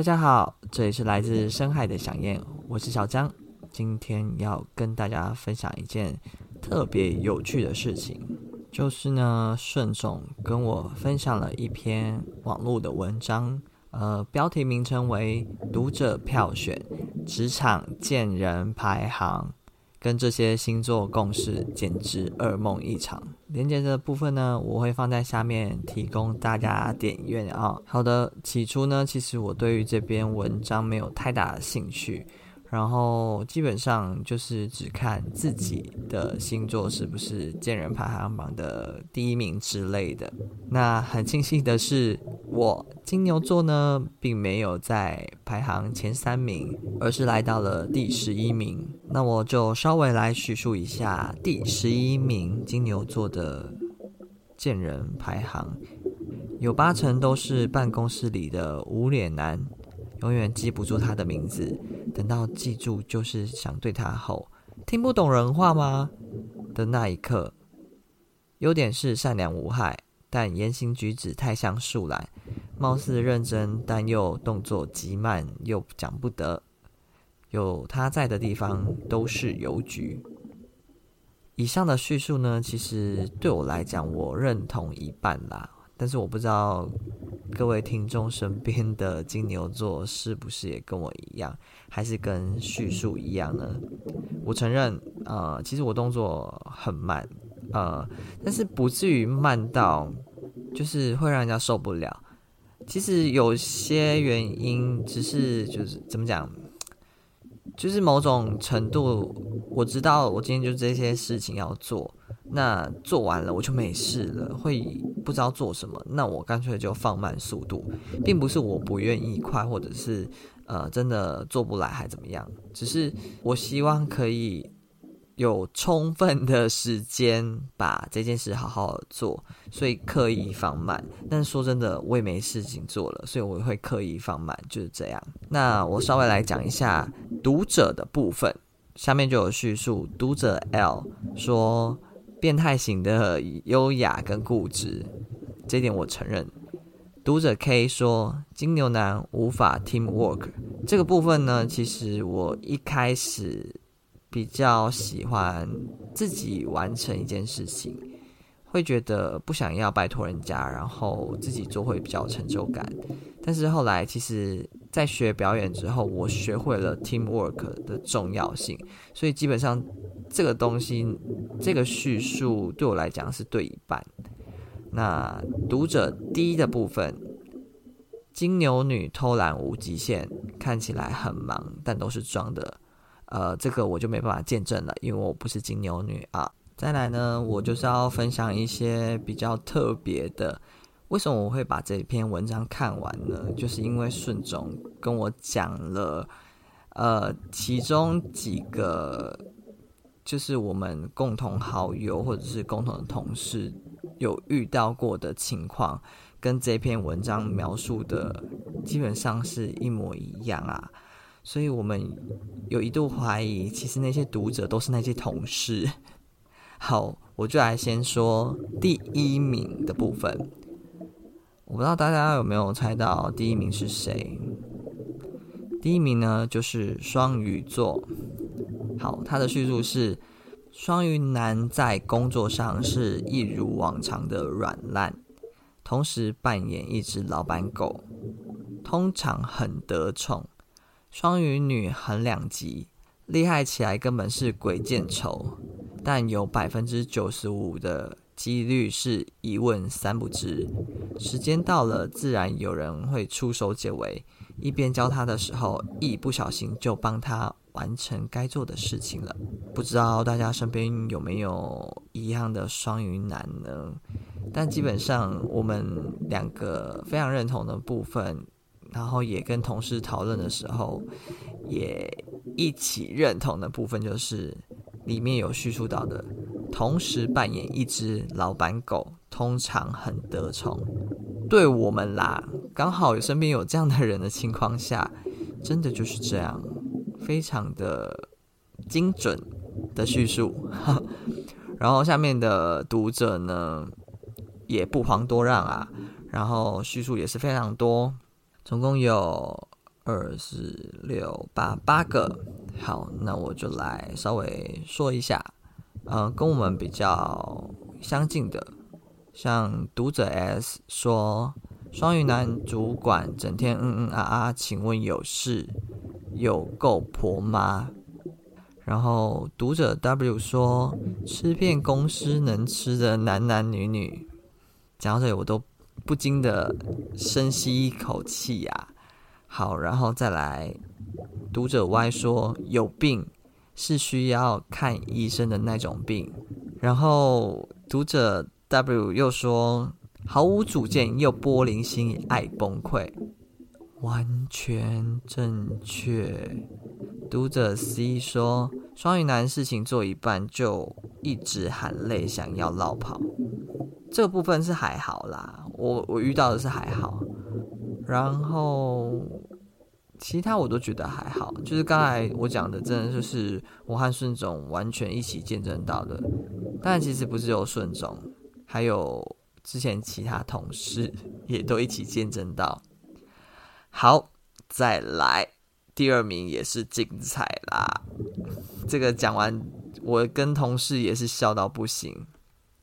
大家好，這裡是來自深海的響燕，我是小江。今天要跟大家分享一件特別有趣的事情，就是呢，順總跟我分享了一篇網絡的文章，呃，標題名稱為《讀者票選職場賤人排行》。跟這些星座共事簡直噩夢一場。連結的部分呢，我會放在下面提供大家點閱哦。好的，起初呢，其實我對於這篇文章沒有太大的興趣，然後基本上就是只看自己的星座是不是賤人排行榜的第一名之類的。那很慶幸的是，我金牛座呢，並沒有在排行前三名，而是來到了第十一名。那我就稍微來敘述一下第十一名金牛座的賤人排行，有八成都是辦公室裡的無臉男，永遠記不住他的名字，等到記住就是想對他吼“聽不懂人話嗎”的那一刻。優點是善良無害，但言行舉止太像樹懶，貌似認真，但又動作極慢，又講不得。有他在的地方都是郵局。以上的敘述呢，其實對我來講，我認同一半啦。但是我不知道各位聽眾身邊的金牛座是不是也跟我一樣，還是跟敘述一樣呢？我承認，呃，其實我動作很慢，呃，但是不至於慢到就是會讓人家受不了。其實有些原因，只是就是怎麼講？就是某種程度，我知道我今天就這些事情要做，那做完了我就沒事了，會不知道做什麼，那我乾脆就放慢速度，並不是我不願意快，或者是呃真的做不來還怎麼樣，只是我希望可以。有充分的時間把這件事好好做，所以刻意放慢。但是說真的，我也沒事情做了，所以我會刻意放慢，就是這樣。那我稍微來講一下讀者的部分，下面就有敘述。讀者 L 說，變態型的優雅跟固執，這點我承認。讀者 K 說，金牛男無法 team work。這個部分呢，其實我一開始。比較喜歡自己完成一件事情，會覺得不想要拜托人家，然後自己做會比較有成就感。但是後來，其實在學表演之後，我學會了 teamwork 的重要性，所以基本上這個東西，這個敘述對我來講是對一半。那讀者第一的部分，金牛女偷懶無極限，看起來很忙，但都是裝的。呃，這個我就沒辦法見證了，因為我不是金牛女啊。再來呢，我就是要分享一些比較特別的。為什麼我會把這篇文章看完呢？就是因為順總跟我講了，呃，其中幾個就是我們共同好友或者是共同的同事有遇到過的情況，跟這篇文章描述的基本上是一模一樣啊。所以我們有一度懷疑，其實那些讀者都是那些同事。好，我就來先說第一名的部分。我不知道大家有沒有猜到第一名是誰？第一名呢，就是雙魚座。好，他的敘述是：雙魚男在工作上是一如往常的軟爛，同時扮演一隻老闆狗，通常很得寵。雙魚女很兩極，厲害起來根本是鬼見愁，但有百分之九十五的幾率是一問三不知。時間到了，自然有人會出手解圍。一邊教他的時候，一不小心就幫他完成該做的事情了。不知道大家身邊有沒有一樣的雙魚男呢？但基本上，我們兩個非常認同的部分。然後也跟同事討論的時候，也一起認同的部分就是裡面有敘述到的，同時扮演一隻老闆狗，通常很得寵，對我們啦，剛好身邊有這樣的人的情況下，真的就是這樣，非常的精準的敘述。 然後下面的讀者呢，也不遑多讓啊，然後敘述也是非常多。總共有二四六八八個，好，那我就來稍微說一下，呃，跟我們比較相近的，像讀者 S 說，雙魚男主管整天嗯嗯啊啊，請問有事有夠婆媽，然後讀者 W 說，吃遍公司能吃的男男女女，講到這裡我都。不禁的深吸一口氣呀，啊，好，然後再來。讀者 Y 說有病是需要看醫生的那種病，然後讀者 W 又說毫無主見又玻璃心愛崩潰，完全正確。讀者 C 說雙魚男事情做一半就一直含淚想要落跑，這部分是還好啦。我我遇到的是還好，然後其他我都覺得還好，就是剛才我講的，真的就是我和順總完全一起見證到的，但其實不只有順總，還有之前其他同事也都一起見證到。好，再來第二名也是精彩啦，這個講完我跟同事也是笑到不行。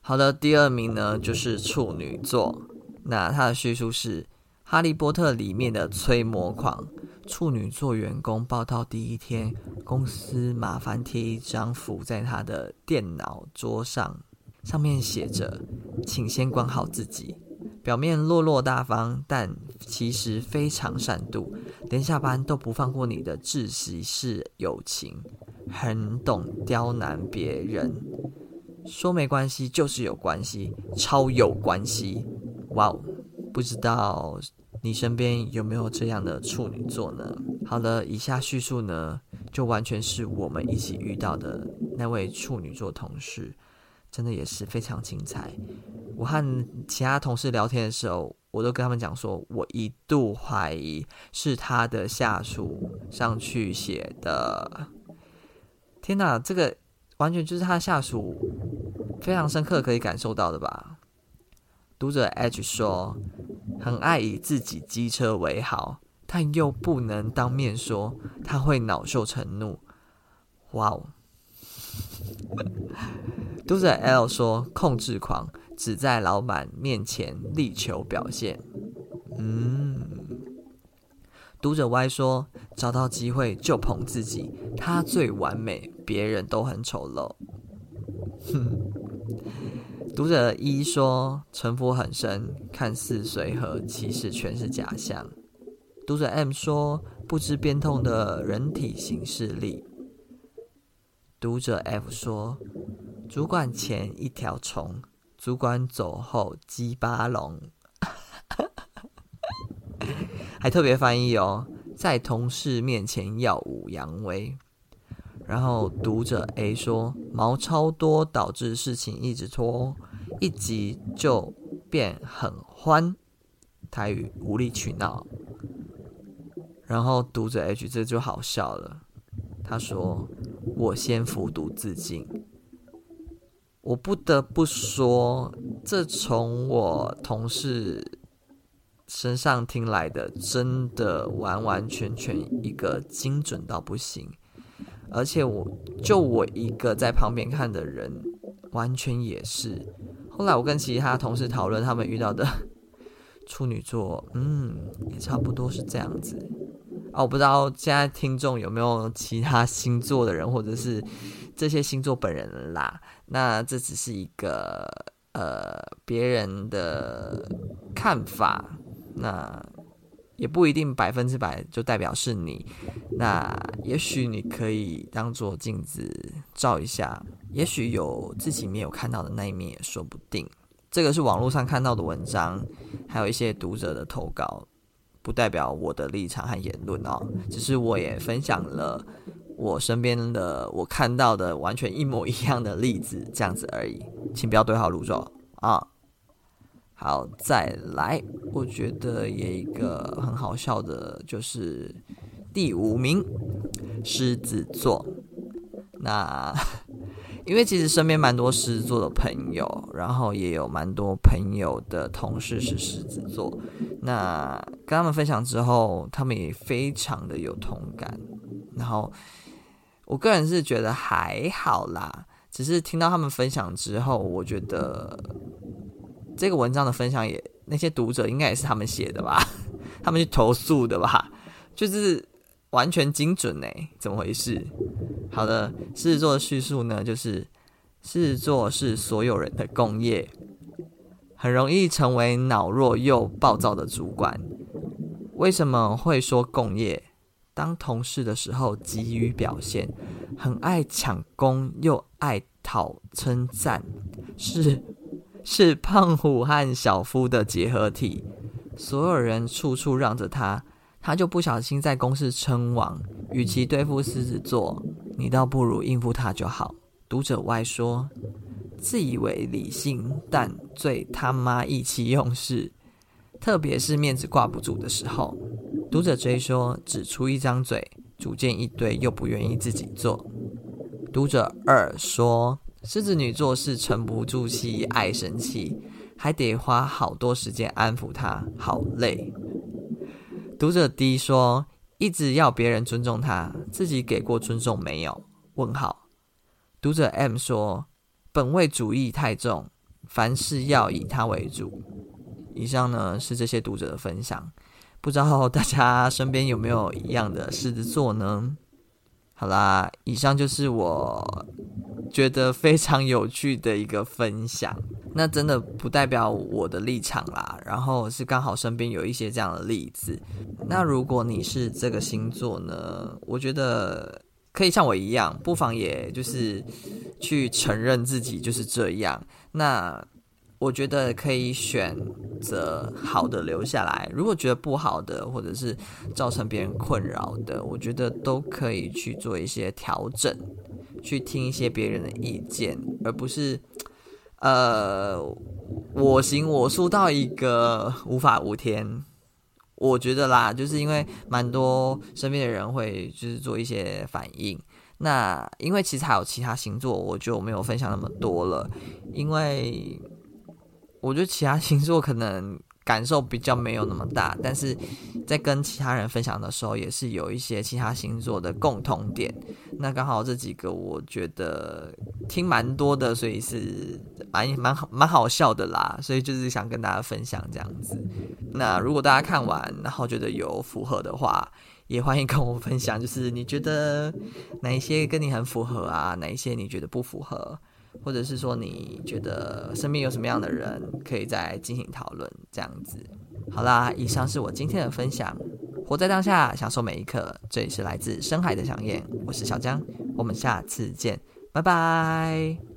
好的，第二名呢就是處女座。那他的敘述是《哈利波特》裡面的催魔狂，處女座員工報到第一天，公司麻煩貼一張符在他的電腦桌上，上面寫着“請先管好自己”。表面落落大方，但其實非常善妒，連下班都不放過你的窒息式友情，很懂刁難別人，說沒關係就是有關係，超有關係。哇哦，wow, 不知道你身邊有沒有這樣的處女座呢？好了，以下敘述呢，就完全是我們一起遇到的那位處女座同事，真的也是非常精彩。我和其他同事聊天的時候，我都跟他們講說，我一度懷疑是他的下屬上去寫的。天哪，這個完全就是他的下屬，非常深刻可以感受到的吧？讀者 H 說：“很愛以自己機車為好，但又不能當面說，他會惱羞成怒。”哇哦！讀者 L 說：“控制狂只在老板面前力求表現。”嗯。讀者 Y 說：“找到機會就捧自己，他最完美，別人都很醜陋。”哼。讀者 E 說，城府很深，看似隨和，其實全是假象。讀者 M 說，不知變通的人體形式力。讀者 F 說，主管前一條蟲，主管走後雞巴龍， 還特別翻譯哦，在同事面前耀武揚威。然後讀者 A 說：“毛超多導致事情一直拖，一急就變很歡。”台語無理取鬧。然後讀者 H 這就好笑了，他說：“我先服毒自盡。”我不得不說，這從我同事身上聽來的，真的完完全全一個精準到不行。而且我就我一個在旁邊看的人，完全也是。後來我跟其他同事討論，他們遇到的 處女座，嗯，也差不多是這樣子。哦、啊，我不知道現在聽眾有沒有其他星座的人，或者是這些星座本人啦。那這只是一個呃別人的看法。那。也不一定百分之百就代表是你，那也許你可以當做鏡子照一下，也許有自己沒有看到的那一面也說不定。這個是網絡上看到的文章，還有一些讀者的投稿，不代表我的立場和言論哦。只是我也分享了我身邊的我看到的完全一模一樣的例子這樣子而已，請不要對號入座啊。好，再來，我覺得也一個很好笑的，就是第五名，獅子座。那因為其實身邊蠻多獅子座的朋友，然後也有蠻多朋友的同事是獅子座。那跟他們分享之後，他們也非常的有同感。然後，我個人是覺得還好啦，只是聽到他們分享之後，我覺得。這個文章的分享也，那些讀者應該也是他們寫的吧？ 他們去投訴的吧？就是完全精準呢，欸，怎麼回事？好的，獅子座的敘述呢，就是獅子座是所有人的共業，很容易成為腦弱又暴躁的主管。為什麼會說共業？當同事的時候急於表現，很愛搶功又愛討稱讚，是。是胖虎和小夫的結合體，所有人處處讓着他，他就不小心在公司稱王。與其對付獅子座，你倒不如應付他就好。讀者歪說，自以為理性，但最他媽意氣用事，特別是面子掛不住的時候。讀者追說，只出一張嘴，主見一堆又不願意自己做。讀者二說。獅子女做事沉不住氣，愛生氣，還得花好多時間安撫她，好累。讀者 D 說：“一直要別人尊重她，自己給過尊重沒有？”問號。讀者 M 說：“本位主義太重，凡事要以他為主。”以上呢，是這些讀者的分享，不知道大家身邊有沒有一樣的獅子座呢？好啦，以上就是我覺得非常有趣的一個分享。那真的不代表我的立場啦，然後是剛好身邊有一些這樣的例子。那如果你是這個星座呢，我覺得可以像我一樣，不妨也就是去承認自己就是這樣。那。我覺得可以選擇好的留下來，如果覺得不好的，或者是造成別人困擾的，我覺得都可以去做一些調整，去聽一些別人的意見，而不是呃我行我素到一個無法無天。我覺得啦，就是因為蠻多身邊的人會就是做一些反應。那因為其實還有其他星座，我就沒有分享那麼多了，因為。我覺得其他星座可能感受比較沒有那麼大，但是在跟其他人分享的時候，也是有一些其他星座的共同點。那剛好這幾個，我覺得聽蠻多的，所以是蠻蠻好，蠻好笑的啦。所以就是想跟大家分享這樣子。那如果大家看完，然後覺得有符合的話，也歡迎跟我分享，就是你覺得哪一些跟你很符合啊？哪一些你覺得不符合？或者是說你覺得身邊有什麼樣的人可以再進行討論，這樣子。好啦，以上是我今天的分享，活在當下，享受每一刻。這裡是來自深海的饗宴，我是小江，我們下次見，拜拜。